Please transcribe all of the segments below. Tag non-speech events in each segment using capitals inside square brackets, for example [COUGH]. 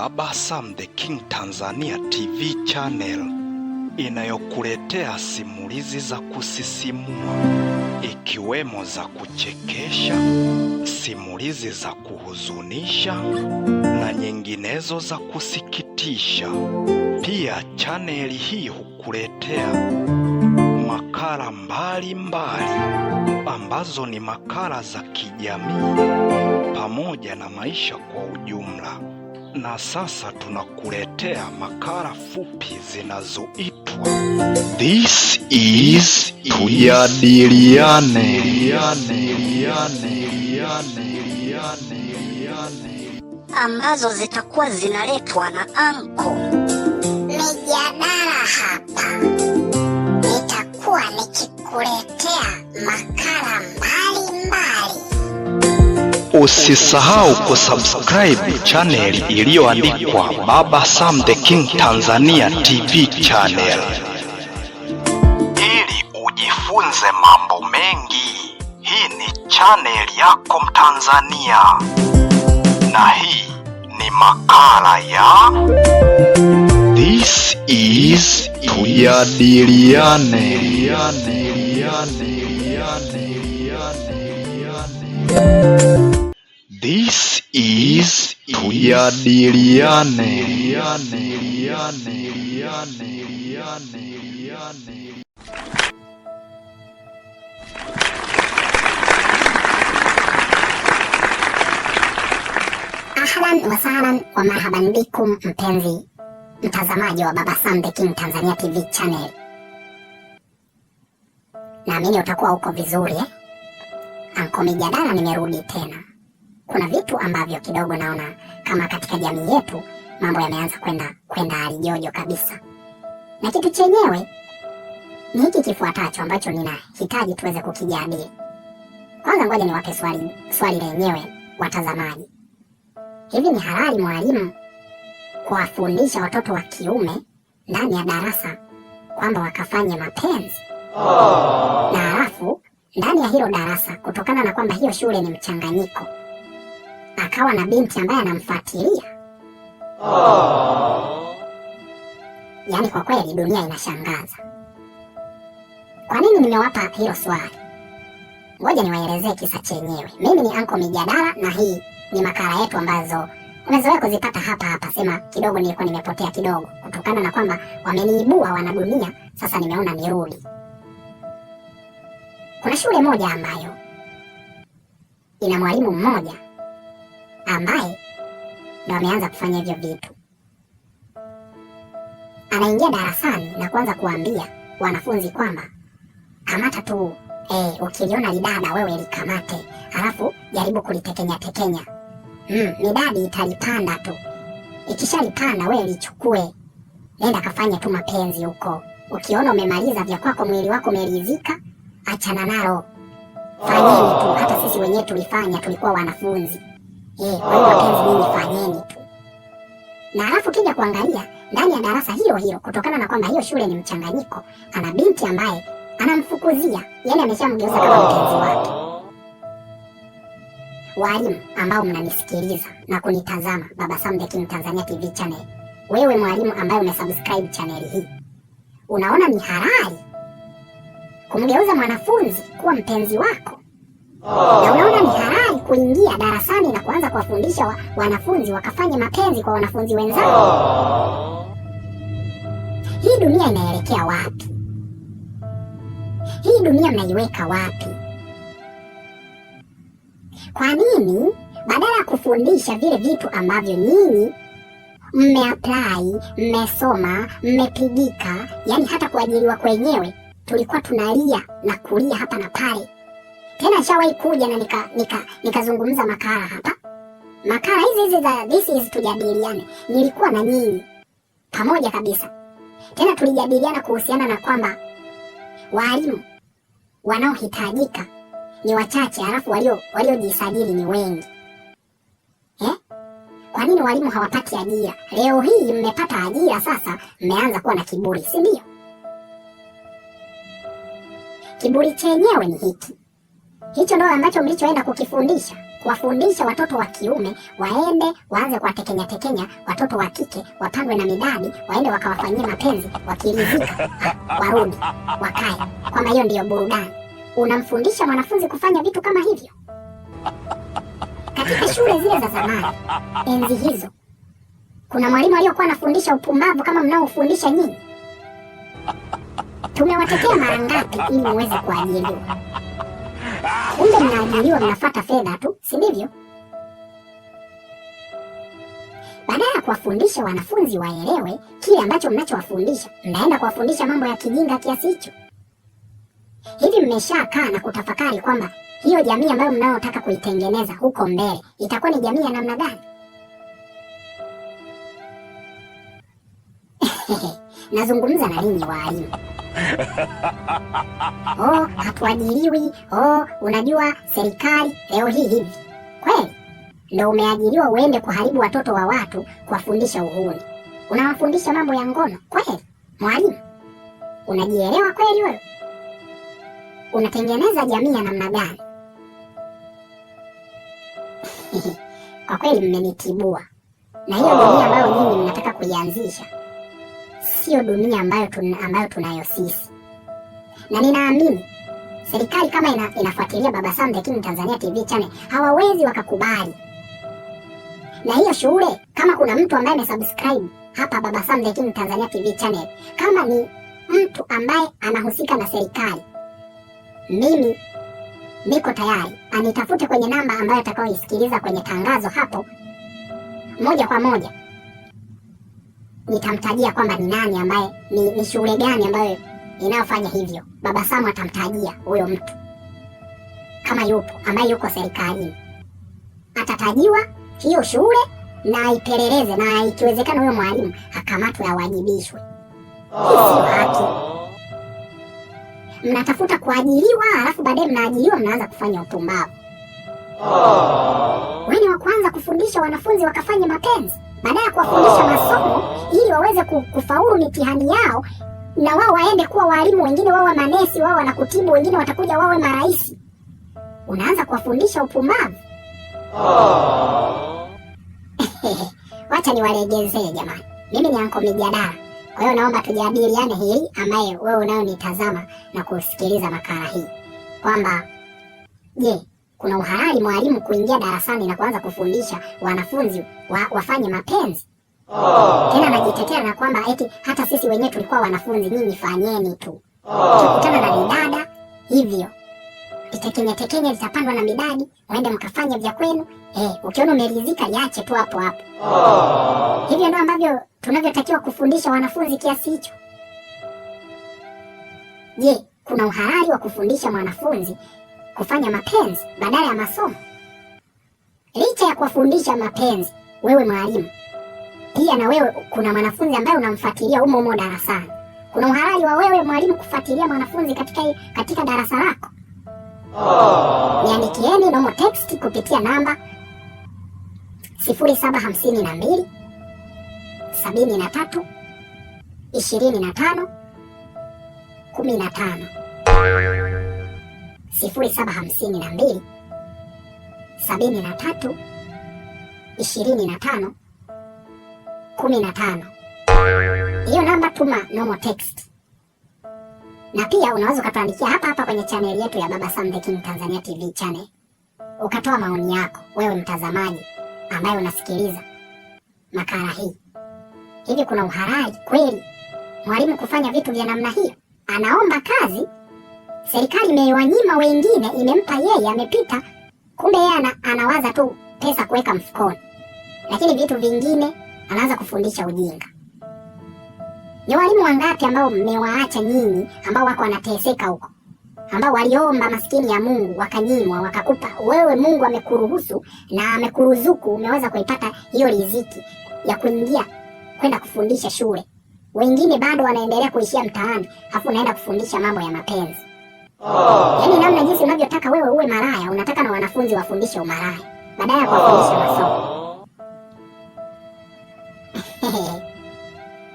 Baba Sam the King Tanzania TV channel inayokuletea simulizi za kusisimua ikiwemo za kuchekesha, simulizi za kuhuzunisha na nyinginezo za kusikitisha. Pia chaneli hii hukuletea makala mbalimbali ambazo ni makala za kijamii pamoja na maisha kwa ujumla. Na sasa tunakuletea makala fupi zinazoitwa This is Tujadiliane. Ambazo zitakuwa zinaletwa na anko. Mijadala hapa nitakuwa nikikuletea makala Usisahau kusubscribe channel iliyoandikwa Baba Sam the King Tanzania TV channel ili ujifunze mambo mengi. Hii ni channel yako Mtanzania, na hii ni makala ya This is Tujadiliane. This is Tujadiliane. Ahlan wasahlan wa marhaban bikum, mpenzi mtazamaji wa Baba Sam The King Tanzania TV channel, naamini utakuwa uko vizuri eh? Anko Mijadala nimerudi tena kuna vitu ambavyo kidogo naona kama katika jamii yetu mambo yameanza kwenda kwenda alijojo kabisa, na kitu chenyewe ni hiki kifuatacho ambacho ninahitaji tuweze kukijadili. Kwanza ngoja niwape swali swali lenyewe watazamaji. Hivi ni halali mwalimu kuwafundisha watoto wa kiume ndani ya darasa kwamba wakafanye mapenzi? Oh. Na halafu ndani ya hilo darasa, kutokana na kwamba hiyo shule ni mchanganyiko akawa na binti ambaye anamfuatilia. Yaani kwa kweli dunia inashangaza. Kwa nini nimewapa hilo swali? Ngoja niwaelezee kisa chenyewe. Mimi ni Anko Mijadala na hii ni makala yetu ambazo umezoea kuzipata hapa hapa. Sema kidogo nilikuwa nimepotea kidogo, kutokana na kwamba wameniibua wanadunia, sasa nimeona nirudi. Kuna shule moja ambayo ina mwalimu mmoja ambaye ndo ameanza kufanya hivyo vitu. Anaingia darasani na kuanza kuambia wanafunzi kwamba kamata tu eh, ukiliona lidada wewe likamate, halafu jaribu kulitekenya tekenya, mm, midadi italipanda tu, ikishalipanda wewe lichukue, nenda kafanye tu mapenzi huko. Ukiona umemaliza vya kwako, mwili wako umeridhika, achana nalo, fanyeni tu. Hata sisi wenyewe tulifanya, tulikuwa wanafunzi. Je, nini tu? Na alafu kija kuangalia ndani ya darasa hilo hilo, kutokana na kwamba hiyo shule ni mchanganyiko, ana binti ambaye anamfukuzia, yani ameshamgeuza kama mpenzi wake. Walimu ambao mnanisikiliza na kunitazama, Baba Sam the King Tanzania TV channel, wewe mwalimu ambaye umesubscribe channel hii, unaona ni halali kumgeuza mwanafunzi kuwa mpenzi wako? na yaani unaona ni halali kuingia darasani na kuanza kuwafundisha wa, wanafunzi wakafanye mapenzi kwa wanafunzi wenzao. Hii dunia inaelekea wapi? Hii dunia mnaiweka wapi? Kwa nini badala ya kufundisha vile vitu ambavyo nyinyi mmeapply, mmesoma, mmepigika, yaani hata kuajiriwa kwenyewe tulikuwa tunalia na kulia hapa na pale tena shawahi kuja na nikazungumza nika, nikazungumza makala hapa, makala hizi hizi za this is tujadiliane, nilikuwa na nyinyi pamoja kabisa. Tena tulijadiliana kuhusiana na kwamba walimu wanaohitajika ni wachache, halafu waliojisajili ni wengi eh? Kwa nini walimu hawapati ajira? Leo hii mmepata ajira, sasa mmeanza kuwa na kiburi, si ndio? Kiburi chenyewe ni hiki. Hicho ndio ambacho mlichoenda kukifundisha, kuwafundisha watoto wa kiume waende waanze kuwatekenya tekenya watoto wa kike, wapangwe na midadi, waende wakawafanyia mapenzi, wakiridhika [LAUGHS] warudi wakae, kwamba hiyo ndiyo burudani. Unamfundisha mwanafunzi kufanya vitu kama hivyo katika shule zile za zamani, enzi hizo, kuna mwalimu aliyokuwa anafundisha upumbavu kama mnaofundisha nyinyi? Tumewatekea mara ngapi ili muweze kuajiliwa? kumbe mnaajiriwa, mnafuata fedha tu, si ndivyo? Baada ya kuwafundisha wanafunzi waelewe kile ambacho mnachowafundisha, mnaenda kuwafundisha mambo ya kijinga kiasi hicho. Hivi mmeshakaa na kutafakari kwamba hiyo jamii ambayo mnayotaka kuitengeneza huko mbele itakuwa ni jamii ya namna gani? [LAUGHS] Nazungumza na ninyi waalimu. Oh, hatuajiriwi. Oh, unajua serikali leo hii hivi kweli ndo umeajiriwa uende kuharibu watoto wa watu, kuwafundisha uhuni, unawafundisha mambo ya ngono kweli? Mwalimu, unajielewa kweli wewe? Unatengeneza jamii ya namna gani? [LAUGHS] Kwa kweli mmenitibua, na hiyo jamii ah. ambayo nyinyi mnataka kuianzisha siyo dunia ambayo, tun, ambayo tunayo sisi, na ninaamini serikali kama ina, inafuatilia Baba Sam The King Tanzania TV channel hawawezi wakakubali. Na hiyo shule, kama kuna mtu ambaye amesubscribe hapa Baba Sam The King Tanzania TV channel, kama ni mtu ambaye anahusika na serikali, mimi niko tayari anitafute kwenye namba ambayo atakaoisikiliza kwenye tangazo hapo moja kwa moja nitamtajia kwamba ni nani ambaye ni, ni shule gani ambayo inayofanya hivyo. Baba Samu atamtajia huyo mtu kama yupo ambaye yuko serikalini, atatajiwa hiyo shule na aipeleleze, na ikiwezekana huyo mwalimu akamatwe, awajibishwe. haki. Mnatafuta kuajiriwa, alafu baadaye mnaajiriwa, mnaanza kufanya upumbavu. Wewe ni wa kwanza kufundisha wanafunzi wakafanye mapenzi baada ya kuwafundisha oh. masomo ili waweze kufaulu mitihani yao na wao waende kuwa walimu, wengine wawe manesi, wao wanakutibu, wengine watakuja wawe marais. Unaanza kuwafundisha upumbavu. Oh. [LAUGHS] Wacha niwalegezee jamani, mimi ni anko mijadala. Kwa hiyo naomba tujadiliane hili ambaye wewe unayonitazama na kusikiliza makala hii kwamba je, kuna uhalali mwalimu kuingia darasani na kuanza kufundisha wanafunzi wa, wafanye mapenzi oh. Tena anajitetea na kwamba eti hata sisi wenyewe tulikuwa wanafunzi, nyinyi fanyeni tu oh. Tukutana na midada hivyo litekenye tekenye zitapandwa na midadi, waende mkafanye vya kwenu eh, ukiona umeridhika yache tu hapo hapo oh. Hivyo ndio ambavyo tunavyotakiwa kufundisha wanafunzi kiasi hicho. Je, kuna uhalali wa kufundisha mwanafunzi kufanya mapenzi badala ya masomo. Licha ya kuwafundisha mapenzi, wewe mwalimu pia na wewe kuna mwanafunzi ambaye unamfuatilia humo humo darasani. Kuna uhalali wa wewe mwalimu kufuatilia mwanafunzi katika, katika darasa lako? Oh. Niandikieni nomo text kupitia namba 0752 73 25 15. Hiyo namba tuma normal text, na pia unaweza ukatuandikia hapa hapa kwenye chaneli yetu ya Baba Sam The King Tanzania TV channel, ukatoa maoni yako wewe mtazamaji ambaye unasikiliza makala hii. Hivi kuna uharaji kweli mwalimu kufanya vitu vya namna hiyo? Anaomba kazi serikali imewanyima wengine, imempa yeye, amepita. Kumbe yeye ana, anawaza tu pesa kuweka mfukoni, lakini vitu vingine anaanza kufundisha ujinga. Ni walimu wangapi ambao mmewaacha nyinyi, ambao wako wanateseka huko, ambao waliomba maskini ya Mungu wakanyimwa, wakakupa wewe. Mungu amekuruhusu na amekuruzuku, umeweza kuipata hiyo riziki ya kuingia kwenda kufundisha shule. Wengine bado wanaendelea kuishia mtaani, afu unaenda kufundisha mambo ya mapenzi oh. Yaani namna jinsi unavyotaka wewe uwe malaya, unataka na wanafunzi wafundishe umalaya badala ya kuwafundisha ah. masomo. [LAUGHS]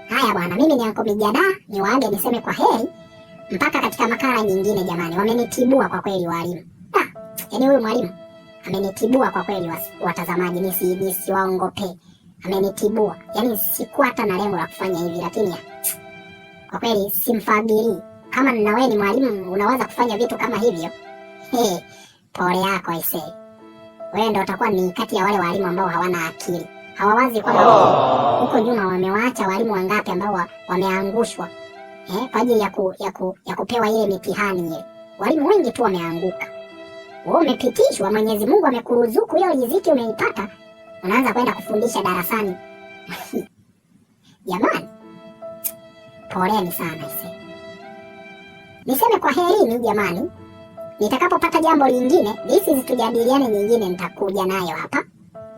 Haya bwana, mimi ni Anko Mijada, waage niseme kwa heri mpaka katika makala nyingine. Jamani, wamenitibua kwa kweli walimu. Ah, yaani huyu mwalimu amenitibua kwa kweli, watazamaji, nisi nisiwaongope, amenitibua. Yaani sikuwa hata na lengo la kufanya hivi, lakini kwa kweli simfagirii kama na wewe ni mwalimu unaweza kufanya vitu kama hivyo hey, pole yako aise, wewe ndio utakuwa ni kati ya wale walimu ambao hawana akili, hawawazi kwamba oh. huko oh, nyuma wamewaacha walimu wangapi ambao wameangushwa eh, kwa ajili ya, ku, ya, ku, ya kupewa ile mitihani ile. Walimu wengi tu wameanguka. Wewe umepitishwa, Mwenyezi Mungu amekuruzuku hiyo riziki umeipata, unaanza kwenda kufundisha darasani [LAUGHS] jamani, poleni sana aise. Niseme kwa herini jamani, nitakapopata jambo lingine hizi zitujadiliane nyingine, nitakuja nayo hapa,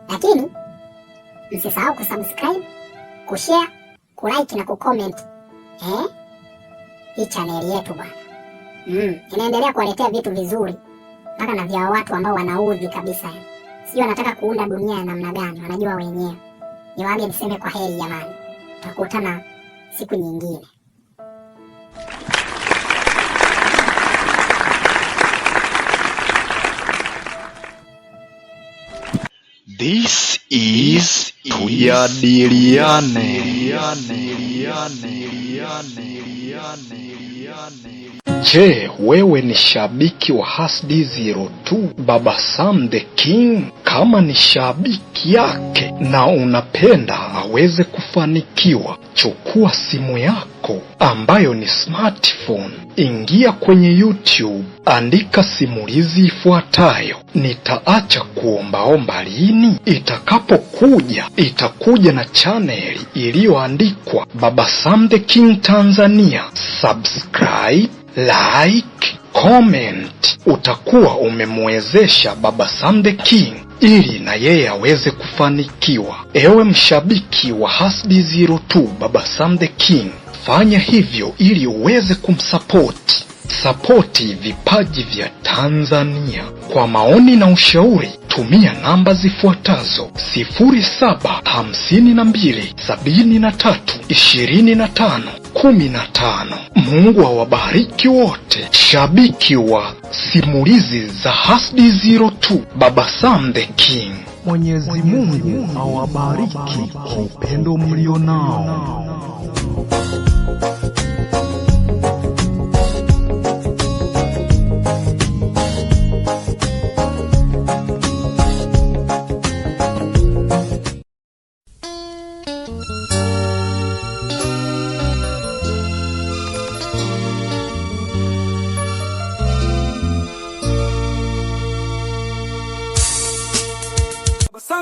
lakini msisahau kusubscribe, kushare, kulike na kucomment eh, hii channel yetu bwana mm, inaendelea kuwaletea vitu vizuri mpaka na vya watu ambao wanaudhi kabisa, sio wanataka kuunda dunia ya namna gani, wanajua wenyewe. Niwaambie, niseme kwa heri jamani, tutakutana siku nyingine. This is Tuyadiliane. Je, wewe ni shabiki wa Hasd02 Baba Sam the King? Kama ni shabiki yake na unapenda aweze kufanikiwa, chukua simu yako ambayo ni smartphone, ingia kwenye YouTube, andika simulizi ifuatayo: nitaacha kuombaomba lini. Itakapokuja itakuja na chaneli iliyoandikwa Baba Sam the King Tanzania. Subscribe, like, comment utakuwa umemwezesha Baba Sam the King ili na yeye aweze kufanikiwa. Ewe mshabiki wa Hasbi02 Baba Sam the King, fanya hivyo ili uweze kumsapoti. Sapoti vipaji vya Tanzania. Kwa maoni na ushauri tumia namba zifuatazo: 0752 73 25 kumi na tano. Mungu awabariki wote. Shabiki wa simulizi za Hasdi 02 Baba Sam the King. Mwenyezi Mungu awabariki kwa upendo mlio nao